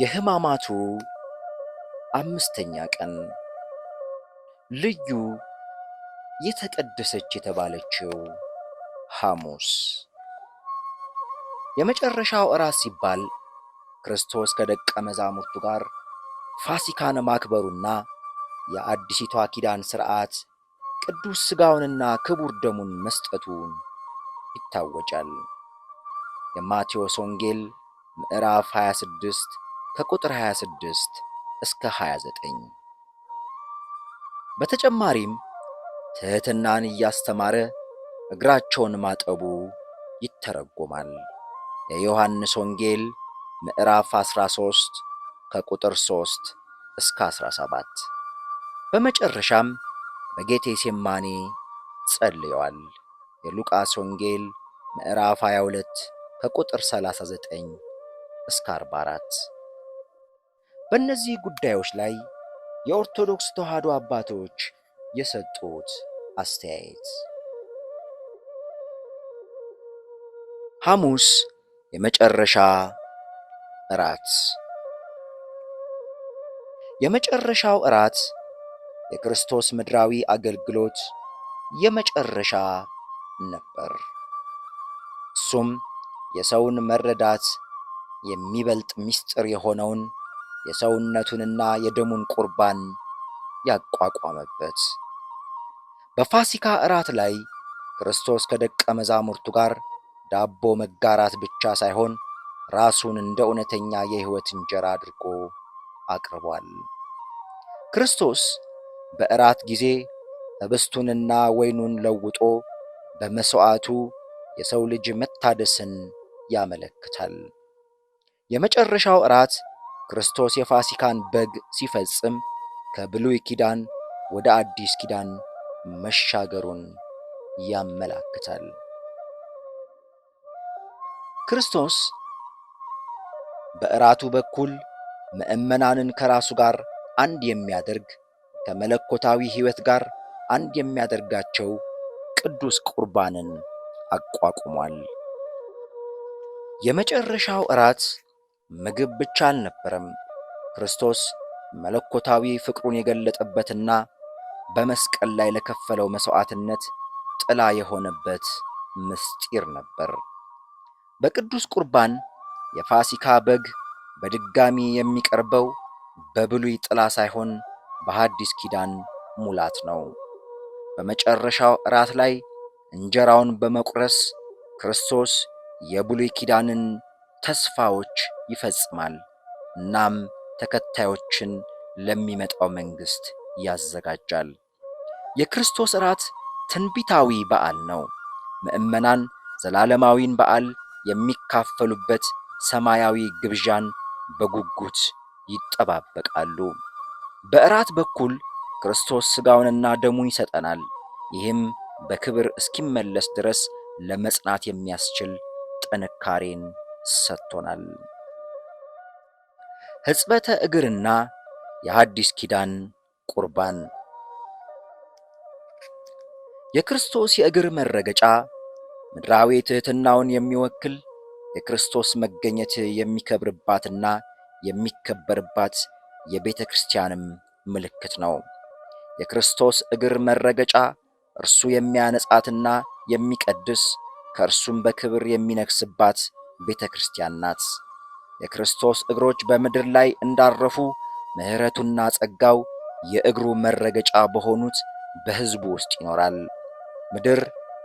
የሕማማቱ አምስተኛ ቀን ልዩ የተቀደሰች የተባለችው ሐሙስ የመጨረሻው እራት ሲባል ክርስቶስ ከደቀ መዛሙርቱ ጋር ፋሲካን ማክበሩና የአዲሲቷ ኪዳን ሥርዓት ቅዱስ ሥጋውንና ክቡር ደሙን መስጠቱን ይታወጫል። የማቴዎስ ወንጌል ምዕራፍ 26 ከቁጥር 26 እስከ 29። በተጨማሪም ትሕትናን እያስተማረ እግራቸውን ማጠቡ ይተረጎማል። የዮሐንስ ወንጌል ምዕራፍ 13 ከቁጥር 3 እስከ 17። በመጨረሻም በጌቴ ሴማኒ ጸልየዋል። የሉቃስ ወንጌል ምዕራፍ 22 ከቁጥር 39 እስከ 44 በእነዚህ ጉዳዮች ላይ የኦርቶዶክስ ተዋህዶ አባቶች የሰጡት አስተያየት። ሐሙስ የመጨረሻ እራት። የመጨረሻው እራት የክርስቶስ ምድራዊ አገልግሎት የመጨረሻ ነበር። እሱም የሰውን መረዳት የሚበልጥ ምስጢር የሆነውን የሰውነቱንና የደሙን ቁርባን ያቋቋመበት። በፋሲካ እራት ላይ ክርስቶስ ከደቀ መዛሙርቱ ጋር ዳቦ መጋራት ብቻ ሳይሆን ራሱን እንደ እውነተኛ የሕይወት እንጀራ አድርጎ አቅርቧል። ክርስቶስ በእራት ጊዜ ህብስቱንና ወይኑን ለውጦ በመሥዋዕቱ የሰው ልጅ መታደስን ያመለክታል። የመጨረሻው እራት ክርስቶስ የፋሲካን በግ ሲፈጽም ከብሉይ ኪዳን ወደ አዲስ ኪዳን መሻገሩን ያመላክታል። ክርስቶስ በእራቱ በኩል ምእመናንን ከራሱ ጋር አንድ የሚያደርግ ከመለኮታዊ ሕይወት ጋር አንድ የሚያደርጋቸው ቅዱስ ቁርባንን አቋቁሟል። የመጨረሻው እራት ምግብ ብቻ አልነበረም። ክርስቶስ መለኮታዊ ፍቅሩን የገለጠበትና በመስቀል ላይ ለከፈለው መሥዋዕትነት ጥላ የሆነበት ምስጢር ነበር። በቅዱስ ቁርባን የፋሲካ በግ በድጋሚ የሚቀርበው በብሉይ ጥላ ሳይሆን በሐዲስ ኪዳን ሙላት ነው። በመጨረሻው እራት ላይ እንጀራውን በመቁረስ ክርስቶስ የብሉይ ኪዳንን ተስፋዎች ይፈጽማል። እናም ተከታዮችን ለሚመጣው መንግሥት ያዘጋጃል። የክርስቶስ እራት ትንቢታዊ በዓል ነው። ምዕመናን ዘላለማዊን በዓል የሚካፈሉበት ሰማያዊ ግብዣን በጉጉት ይጠባበቃሉ። በእራት በኩል ክርስቶስ ሥጋውንና ደሙን ይሰጠናል። ይህም በክብር እስኪመለስ ድረስ ለመጽናት የሚያስችል ጥንካሬን ሰጥቶናል። ሕጽበተ እግርና የሐዲስ ኪዳን ቁርባን የክርስቶስ የእግር መረገጫ ምድራዊ ትሕትናውን የሚወክል የክርስቶስ መገኘት የሚከብርባትና የሚከበርባት የቤተ ክርስቲያንም ምልክት ነው። የክርስቶስ እግር መረገጫ እርሱ የሚያነጻትና የሚቀድስ ከእርሱም በክብር የሚነግስባት ቤተ ክርስቲያን ናት። የክርስቶስ እግሮች በምድር ላይ እንዳረፉ ምሕረቱና ጸጋው የእግሩ መረገጫ በሆኑት በሕዝቡ ውስጥ ይኖራል። ምድር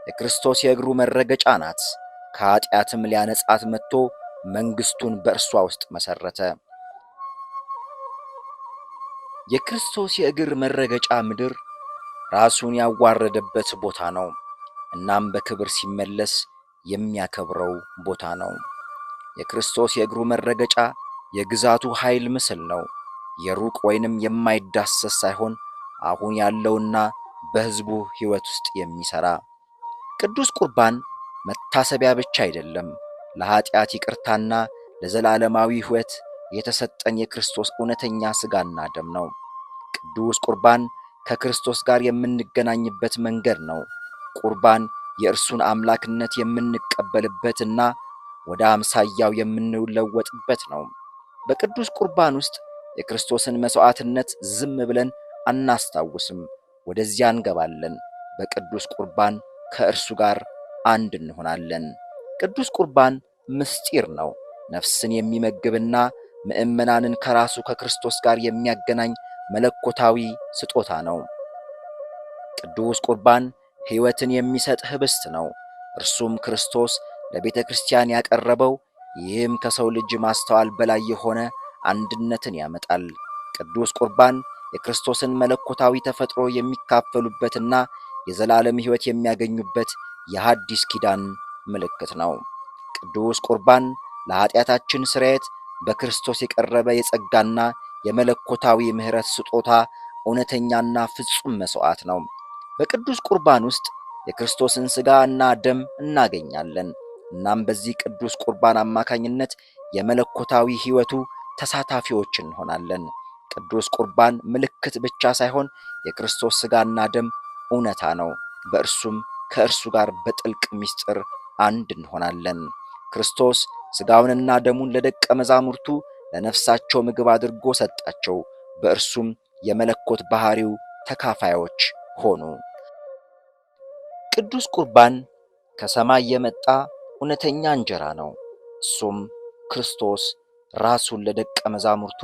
የክርስቶስ የእግሩ መረገጫ ናት። ከኃጢአትም ሊያነጻት መጥቶ መንግሥቱን በእርሷ ውስጥ መሠረተ። የክርስቶስ የእግር መረገጫ ምድር ራሱን ያዋረደበት ቦታ ነው። እናም በክብር ሲመለስ የሚያከብረው ቦታ ነው። የክርስቶስ የእግሩ መረገጫ የግዛቱ ኃይል ምስል ነው። የሩቅ ወይንም የማይዳሰስ ሳይሆን አሁን ያለውና በሕዝቡ ሕይወት ውስጥ የሚሠራ ቅዱስ ቁርባን መታሰቢያ ብቻ አይደለም። ለኀጢአት ይቅርታና ለዘላለማዊ ሕይወት የተሰጠን የክርስቶስ እውነተኛ ሥጋና ደም ነው። ቅዱስ ቁርባን ከክርስቶስ ጋር የምንገናኝበት መንገድ ነው። ቁርባን የእርሱን አምላክነት የምንቀበልበትና ወደ አምሳያው የምንለወጥበት ነው። በቅዱስ ቁርባን ውስጥ የክርስቶስን መሥዋዕትነት ዝም ብለን አናስታውስም፣ ወደዚያ እንገባለን። በቅዱስ ቁርባን ከእርሱ ጋር አንድ እንሆናለን። ቅዱስ ቁርባን ምስጢር ነው። ነፍስን የሚመግብና ምእመናንን ከራሱ ከክርስቶስ ጋር የሚያገናኝ መለኮታዊ ስጦታ ነው። ቅዱስ ቁርባን ሕይወትን የሚሰጥ ኅብስት ነው። እርሱም ክርስቶስ ለቤተ ክርስቲያን ያቀረበው ይህም ከሰው ልጅ ማስተዋል በላይ የሆነ አንድነትን ያመጣል። ቅዱስ ቁርባን የክርስቶስን መለኮታዊ ተፈጥሮ የሚካፈሉበትና የዘላለም ሕይወት የሚያገኙበት የሐዲስ ኪዳን ምልክት ነው። ቅዱስ ቁርባን ለኀጢአታችን ስርየት በክርስቶስ የቀረበ የጸጋና የመለኮታዊ ምሕረት ስጦታ እውነተኛና ፍጹም መሥዋዕት ነው። በቅዱስ ቁርባን ውስጥ የክርስቶስን ሥጋ እና ደም እናገኛለን። እናም በዚህ ቅዱስ ቁርባን አማካኝነት የመለኮታዊ ሕይወቱ ተሳታፊዎች እንሆናለን። ቅዱስ ቁርባን ምልክት ብቻ ሳይሆን የክርስቶስ ሥጋና ደም እውነታ ነው። በእርሱም ከእርሱ ጋር በጥልቅ ምስጢር አንድ እንሆናለን። ክርስቶስ ሥጋውንና ደሙን ለደቀ መዛሙርቱ ለነፍሳቸው ምግብ አድርጎ ሰጣቸው። በእርሱም የመለኮት ባሕሪው ተካፋዮች ሆኑ። ቅዱስ ቁርባን ከሰማይ የመጣ እውነተኛ እንጀራ ነው። እሱም ክርስቶስ ራሱን ለደቀ መዛሙርቱ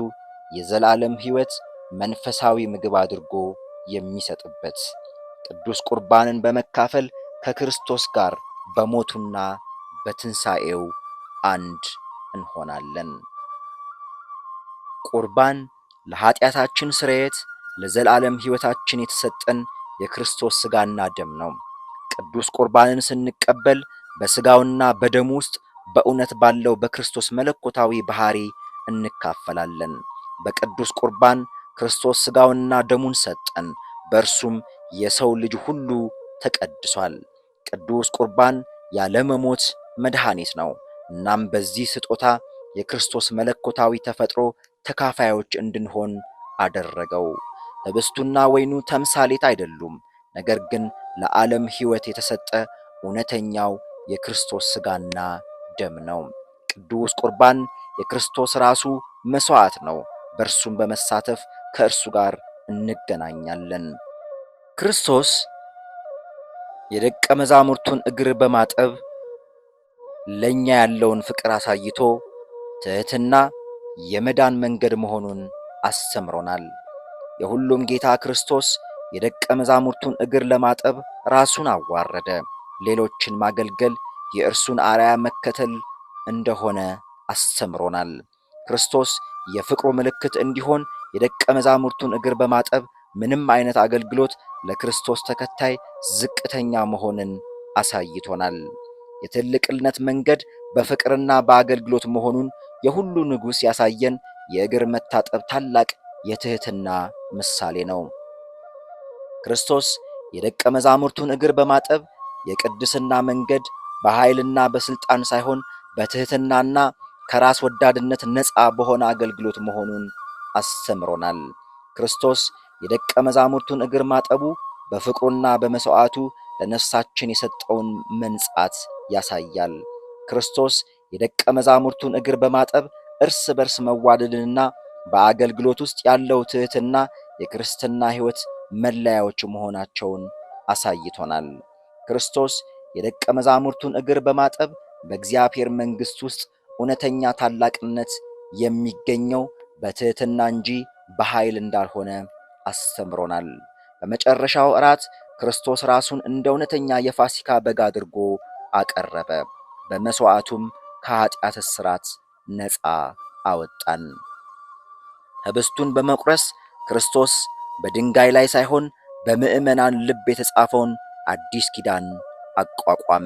የዘላለም ሕይወት መንፈሳዊ ምግብ አድርጎ የሚሰጥበት ቅዱስ ቁርባንን በመካፈል ከክርስቶስ ጋር በሞቱና በትንሣኤው አንድ እንሆናለን። ቁርባን ለኀጢአታችን ስርየት ለዘላለም ሕይወታችን የተሰጠን የክርስቶስ ሥጋና ደም ነው። ቅዱስ ቁርባንን ስንቀበል በሥጋውና በደሙ ውስጥ በእውነት ባለው በክርስቶስ መለኮታዊ ባሕሪ እንካፈላለን። በቅዱስ ቁርባን ክርስቶስ ሥጋውና ደሙን ሰጠን፣ በእርሱም የሰው ልጅ ሁሉ ተቀድሷል። ቅዱስ ቁርባን ያለመሞት መድኃኒት ነው። እናም በዚህ ስጦታ የክርስቶስ መለኮታዊ ተፈጥሮ ተካፋዮች እንድንሆን አደረገው። ለኅብስቱና ወይኑ ተምሳሌት አይደሉም፣ ነገር ግን ለዓለም ሕይወት የተሰጠ እውነተኛው የክርስቶስ ሥጋና ደም ነው። ቅዱስ ቁርባን የክርስቶስ ራሱ መሥዋዕት ነው። በእርሱም በመሳተፍ ከእርሱ ጋር እንገናኛለን። ክርስቶስ የደቀ መዛሙርቱን እግር በማጠብ ለእኛ ያለውን ፍቅር አሳይቶ ትሕትና የመዳን መንገድ መሆኑን አስተምሮናል። የሁሉም ጌታ ክርስቶስ የደቀ መዛሙርቱን እግር ለማጠብ ራሱን አዋረደ። ሌሎችን ማገልገል የእርሱን አርአያ መከተል እንደሆነ አስተምሮናል። ክርስቶስ የፍቅሩ ምልክት እንዲሆን የደቀ መዛሙርቱን እግር በማጠብ ምንም አይነት አገልግሎት ለክርስቶስ ተከታይ ዝቅተኛ መሆንን አሳይቶናል። የትልቅነት መንገድ በፍቅርና በአገልግሎት መሆኑን የሁሉ ንጉሥ ያሳየን የእግር መታጠብ ታላቅ የትህትና ምሳሌ ነው። ክርስቶስ የደቀ መዛሙርቱን እግር በማጠብ የቅድስና መንገድ በኃይልና በስልጣን ሳይሆን በትህትናና ከራስ ወዳድነት ነፃ በሆነ አገልግሎት መሆኑን አስተምሮናል። ክርስቶስ የደቀ መዛሙርቱን እግር ማጠቡ በፍቅሩና በመሥዋዕቱ ለነፍሳችን የሰጠውን መንጻት ያሳያል። ክርስቶስ የደቀ መዛሙርቱን እግር በማጠብ እርስ በርስ መዋደድንና በአገልግሎት ውስጥ ያለው ትህትና የክርስትና ሕይወት መለያዎች መሆናቸውን አሳይቶናል። ክርስቶስ የደቀ መዛሙርቱን እግር በማጠብ በእግዚአብሔር መንግሥት ውስጥ እውነተኛ ታላቅነት የሚገኘው በትህትና እንጂ በኃይል እንዳልሆነ አስተምሮናል። በመጨረሻው እራት ክርስቶስ ራሱን እንደ እውነተኛ የፋሲካ በግ አድርጎ አቀረበ። በመሥዋዕቱም ከኃጢአት እስራት ነፃ አወጣን። ህብስቱን በመቁረስ ክርስቶስ በድንጋይ ላይ ሳይሆን በምዕመናን ልብ የተጻፈውን አዲስ ኪዳን አቋቋመ።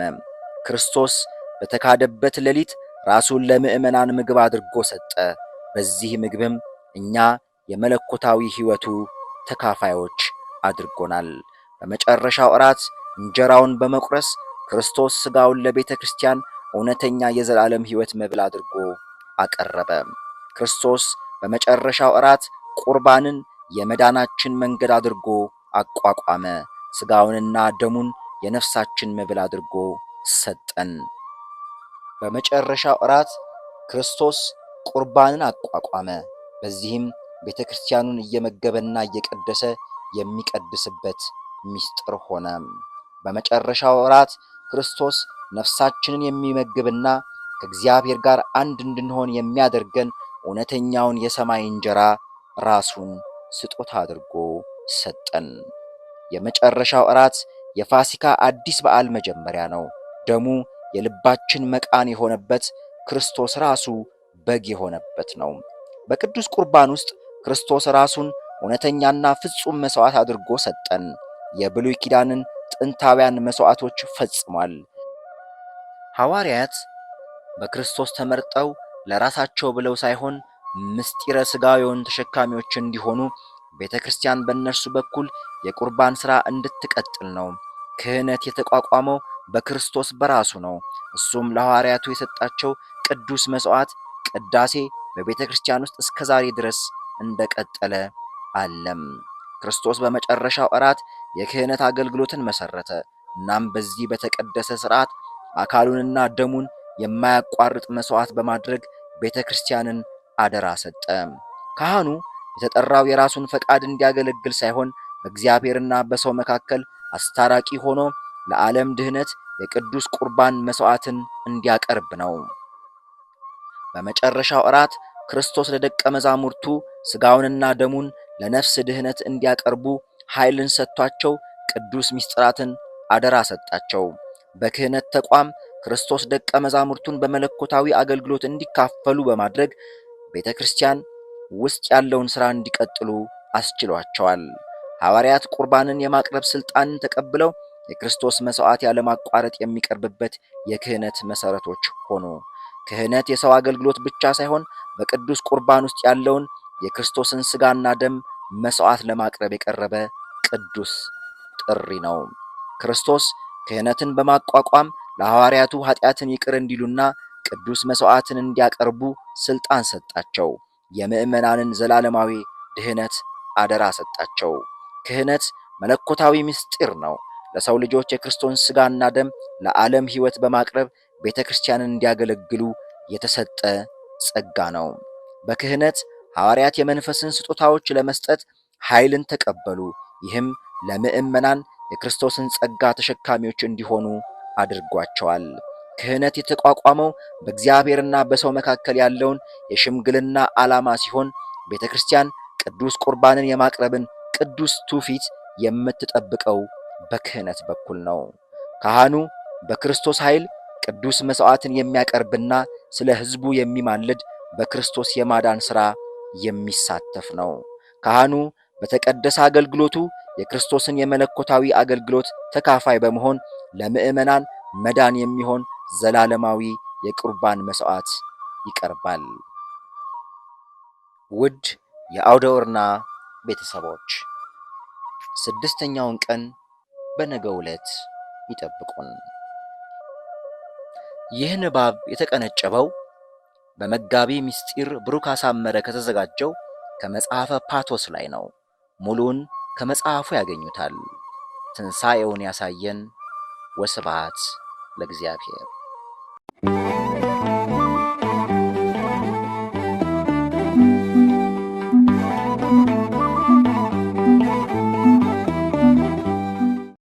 ክርስቶስ በተካደበት ሌሊት ራሱን ለምዕመናን ምግብ አድርጎ ሰጠ። በዚህ ምግብም እኛ የመለኮታዊ ሕይወቱ ተካፋዮች አድርጎናል። በመጨረሻው እራት እንጀራውን በመቁረስ ክርስቶስ ሥጋውን ለቤተ ክርስቲያን እውነተኛ የዘላለም ሕይወት መብል አድርጎ አቀረበ። ክርስቶስ በመጨረሻው እራት ቁርባንን የመዳናችን መንገድ አድርጎ አቋቋመ። ሥጋውንና ደሙን የነፍሳችን መብል አድርጎ ሰጠን። በመጨረሻው እራት ክርስቶስ ቁርባንን አቋቋመ። በዚህም ቤተ ክርስቲያኑን እየመገበና እየቀደሰ የሚቀድስበት ምስጢር ሆነ። በመጨረሻው እራት ክርስቶስ ነፍሳችንን የሚመግብና ከእግዚአብሔር ጋር አንድ እንድንሆን የሚያደርገን እውነተኛውን የሰማይ እንጀራ ራሱን ስጦታ አድርጎ ሰጠን። የመጨረሻው እራት የፋሲካ አዲስ በዓል መጀመሪያ ነው። ደሙ የልባችን መቃን የሆነበት ክርስቶስ ራሱ በግ የሆነበት ነው። በቅዱስ ቁርባን ውስጥ ክርስቶስ ራሱን እውነተኛና ፍጹም መሥዋዕት አድርጎ ሰጠን። የብሉይ ኪዳንን ጥንታውያን መሥዋዕቶች ፈጽሟል። ሐዋርያት በክርስቶስ ተመርጠው ለራሳቸው ብለው ሳይሆን ምስጢረ ሥጋዊውን ተሸካሚዎች እንዲሆኑ ቤተ ክርስቲያን በእነርሱ በኩል የቁርባን ሥራ እንድትቀጥል ነው። ክህነት የተቋቋመው በክርስቶስ በራሱ ነው። እሱም ለሐዋርያቱ የሰጣቸው ቅዱስ መሥዋዕት ቅዳሴ በቤተ ክርስቲያን ውስጥ እስከ ዛሬ ድረስ እንደቀጠለ አለም። ክርስቶስ በመጨረሻው እራት የክህነት አገልግሎትን መሰረተ። እናም በዚህ በተቀደሰ ሥርዓት አካሉንና ደሙን የማያቋርጥ መስዋዕት በማድረግ ቤተ ክርስቲያንን አደራ ሰጠ። ካህኑ የተጠራው የራሱን ፈቃድ እንዲያገለግል ሳይሆን በእግዚአብሔርና በሰው መካከል አስታራቂ ሆኖ ለዓለም ድህነት የቅዱስ ቁርባን መስዋዕትን እንዲያቀርብ ነው። በመጨረሻው እራት ክርስቶስ ለደቀ መዛሙርቱ ሥጋውንና ደሙን ለነፍስ ድህነት እንዲያቀርቡ ኃይልን ሰጥቷቸው ቅዱስ ምስጢራትን አደራ ሰጣቸው። በክህነት ተቋም ክርስቶስ ደቀ መዛሙርቱን በመለኮታዊ አገልግሎት እንዲካፈሉ በማድረግ ቤተ ክርስቲያን ውስጥ ያለውን ሥራ እንዲቀጥሉ አስችሏቸዋል። ሐዋርያት ቁርባንን የማቅረብ ሥልጣንን ተቀብለው የክርስቶስ መሥዋዕት ያለማቋረጥ የሚቀርብበት የክህነት መሠረቶች ሆኑ። ክህነት የሰው አገልግሎት ብቻ ሳይሆን በቅዱስ ቁርባን ውስጥ ያለውን የክርስቶስን ሥጋና ደም መሥዋዕት ለማቅረብ የቀረበ ቅዱስ ጥሪ ነው። ክርስቶስ ክህነትን በማቋቋም ለሐዋርያቱ ኃጢአትን ይቅር እንዲሉና ቅዱስ መሥዋዕትን እንዲያቀርቡ ሥልጣን ሰጣቸው። የምእመናንን ዘላለማዊ ድህነት አደራ ሰጣቸው። ክህነት መለኮታዊ ምስጢር ነው። ለሰው ልጆች የክርስቶስ ሥጋና ደም ለዓለም ሕይወት በማቅረብ ቤተ ክርስቲያንን እንዲያገለግሉ የተሰጠ ጸጋ ነው። በክህነት ሐዋርያት የመንፈስን ስጦታዎች ለመስጠት ኃይልን ተቀበሉ። ይህም ለምእመናን የክርስቶስን ጸጋ ተሸካሚዎች እንዲሆኑ አድርጓቸዋል። ክህነት የተቋቋመው በእግዚአብሔርና በሰው መካከል ያለውን የሽምግልና ዓላማ ሲሆን ቤተ ክርስቲያን ቅዱስ ቁርባንን የማቅረብን ቅዱስ ትውፊት የምትጠብቀው በክህነት በኩል ነው። ካህኑ በክርስቶስ ኃይል ቅዱስ መሥዋዕትን የሚያቀርብና ስለ ሕዝቡ የሚማልድ በክርስቶስ የማዳን ሥራ የሚሳተፍ ነው። ካህኑ በተቀደሰ አገልግሎቱ የክርስቶስን የመለኮታዊ አገልግሎት ተካፋይ በመሆን ለምዕመናን መዳን የሚሆን ዘላለማዊ የቁርባን መስዋዕት ይቀርባል። ውድ የአውደ ቤተሰቦች ስድስተኛውን ቀን በነገው ዕለት ይጠብቁን። ይህ ንባብ የተቀነጨበው በመጋቢ ምስጢር ብሩክ አሳመረ ከተዘጋጀው ከመጽሐፈ ፓቶስ ላይ ነው። ሙሉን ከመጽሐፉ ያገኙታል። ትንሣኤውን ያሳየን። ወስብሐት ለእግዚአብሔር።